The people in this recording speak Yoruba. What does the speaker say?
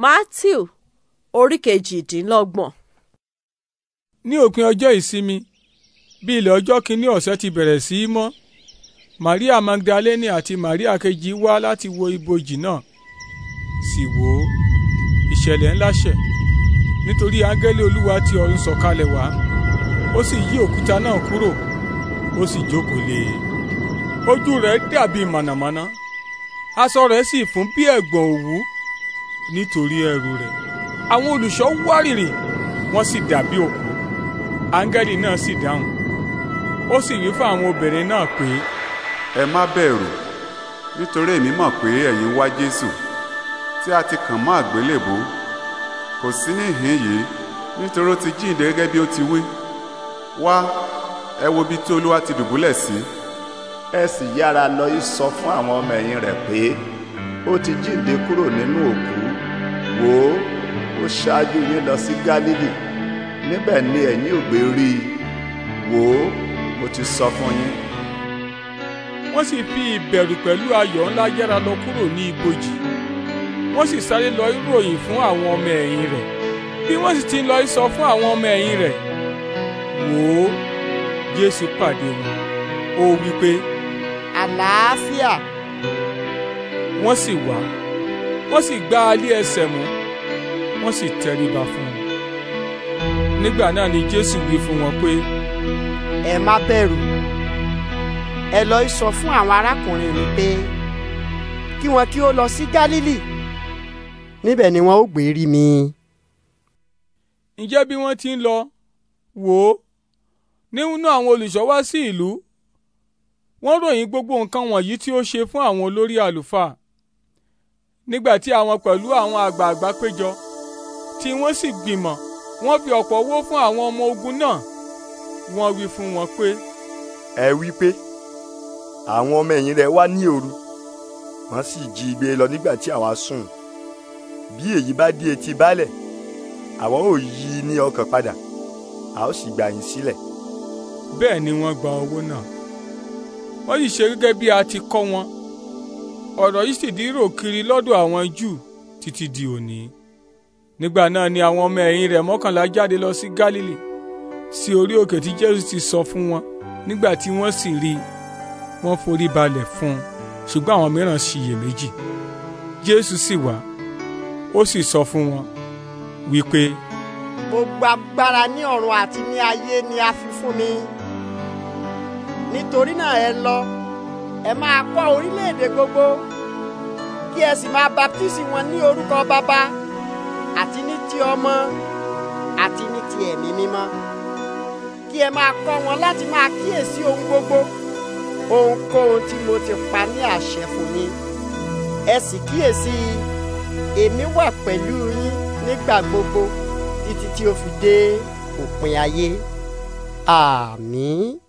Matthew orí kejìdínlọ́gbọ̀n. ní òpin ọjọ́ ìsinmi bí ilẹ̀ ọjọ́ kìíní ọ̀sẹ̀ ti bẹ̀rẹ̀ sí í mọ́ Maria Magdalene àti Maria kejì wá láti wo ibojì náà sì wò ó ìṣẹ̀lẹ̀ ńlá ṣẹ̀ nítorí áńgẹ́lì Olúwa ti ọ̀run sọ̀kalẹ̀ wá ó sì yí òkúta náà kúrò ó sì jókòó lé e ojú rẹ̀ dàbí mànàmáná aṣọ rẹ̀ sì fún bí ẹ̀gbọ̀n òwú nítorí ẹrù rẹ̀ àwọn olùṣọ́ wárìrì wọ́n sì dàbí òkú áńgẹ́lì náà sì dáhùn ó sì wí fún àwọn obìnrin náà pé. ẹ má bẹ̀rù nítorí èmi mọ̀ pé ẹ̀yin wá jésù tí a ti kàn mọ́ àgbélébó kò sí níhìn yìí nítorí ó ti jíǹde gẹ́gẹ́ bí ó ti wí wá ẹ wo bí tí olúwa ti dùbúlẹ̀ sí. ẹ sì yára lọ sọ fún àwọn ọmọ ẹ̀yìn rẹ̀ pé ó ti jíǹde kúrò nínú òkú wò ó ó ṣáájú yín lọ sí Gálílì níbẹ̀ ni ẹ̀yin ò rí i wò ó mo ti sọ fún yín. wọ́n sì fi ìbẹ̀rù pẹ̀lú ayọ̀ ńlá yára lọ kúrò ní ibojì wọ́n sì sáré lọ ròyìn fún àwọn ọmọ ẹ̀yìn rẹ̀ bí wọ́n sì ti lọ sọ fún àwọn ọmọ ẹ̀yìn rẹ̀ wò ó Jésù pàdé wọn ó wí pé. àlàáfíà. wọ́n sì wá. Si wọ́n sì gbá alé ẹsẹ̀ mú wọ́n sì tẹríba fún un. nígbà náà ni jésù wí fún wọn pé. ẹ má bẹ̀rù ẹ lọ sọ fún àwọn arákùnrin mi pé kí wọn kí ó lọ sí gálílì níbẹ̀ ni wọn ó gbé rí mi. ǹjẹ́ bí wọ́n ti ń lọ wò ó nínú àwọn olùṣọ́ wá sí ìlú wọ́n ròyìn gbogbo nǹkan wọ̀nyí tí ó ṣe fún àwọn olórí àlùfáà nígbà tí àwọn pẹ̀lú àwọn àgbààgbà péjọ tí wọ́n sì gbìmọ̀ wọ́n fi ọ̀pọ̀ owó fún àwọn ọmọ ogun náà wọ́n wí fún wọn pé. ẹ wí pé àwọn ọmọ ẹ̀yìn rẹ̀ wá ní òru wọ́n sì jí igbe lọ nígbà tí àwa sùn bí èyí bá dé etí baálẹ̀ àwa ò yí i ní ọkàn padà a ó sì gbà yín sílẹ̀. bẹ́ẹ̀ ni wọ́n gba owó náà wọ́n sì ṣe gẹ́gẹ́ bí a ti kọ́ wọn ọ̀rọ̀ yìí sì di rò kiri lọ́dọ̀ àwọn Júù títí di òní. nígbà náà ni àwọn ọmọ ẹ̀yìn rẹ̀ mọ́kànlá jáde lọ sí Gálílì sí orí òkè tí Jésù ti sọ fún wọn nígbà tí wọ́n sì rí i wọ́n forí balẹ̀ fún un ṣùgbọ́n àwọn mìíràn ṣiyèméjì Jésù sì wá ó sì sọ fún wọn wípé. gbogbo agbára ní ọ̀run àti ní ayé ni a fi fún mi nítorí náà ẹ lọ ẹ máa kọ́ orílẹ̀-èdè gbogbo kí ẹ sì máa baptisi wọn ní orúkọ bàbá àti ní ti ọmọ àti ní ti ẹ̀mí mímọ́ kí ẹ máa kọ́ wọn láti máa kíyèsí ohun gbogbo ohunkóhun tí mo ti pa ní àṣẹ fún yín ẹ sì kíyèsí èmi wà pẹ̀lú yín nígbà gbogbo títí tí ó fi dé òpin ayé àmín. Ah,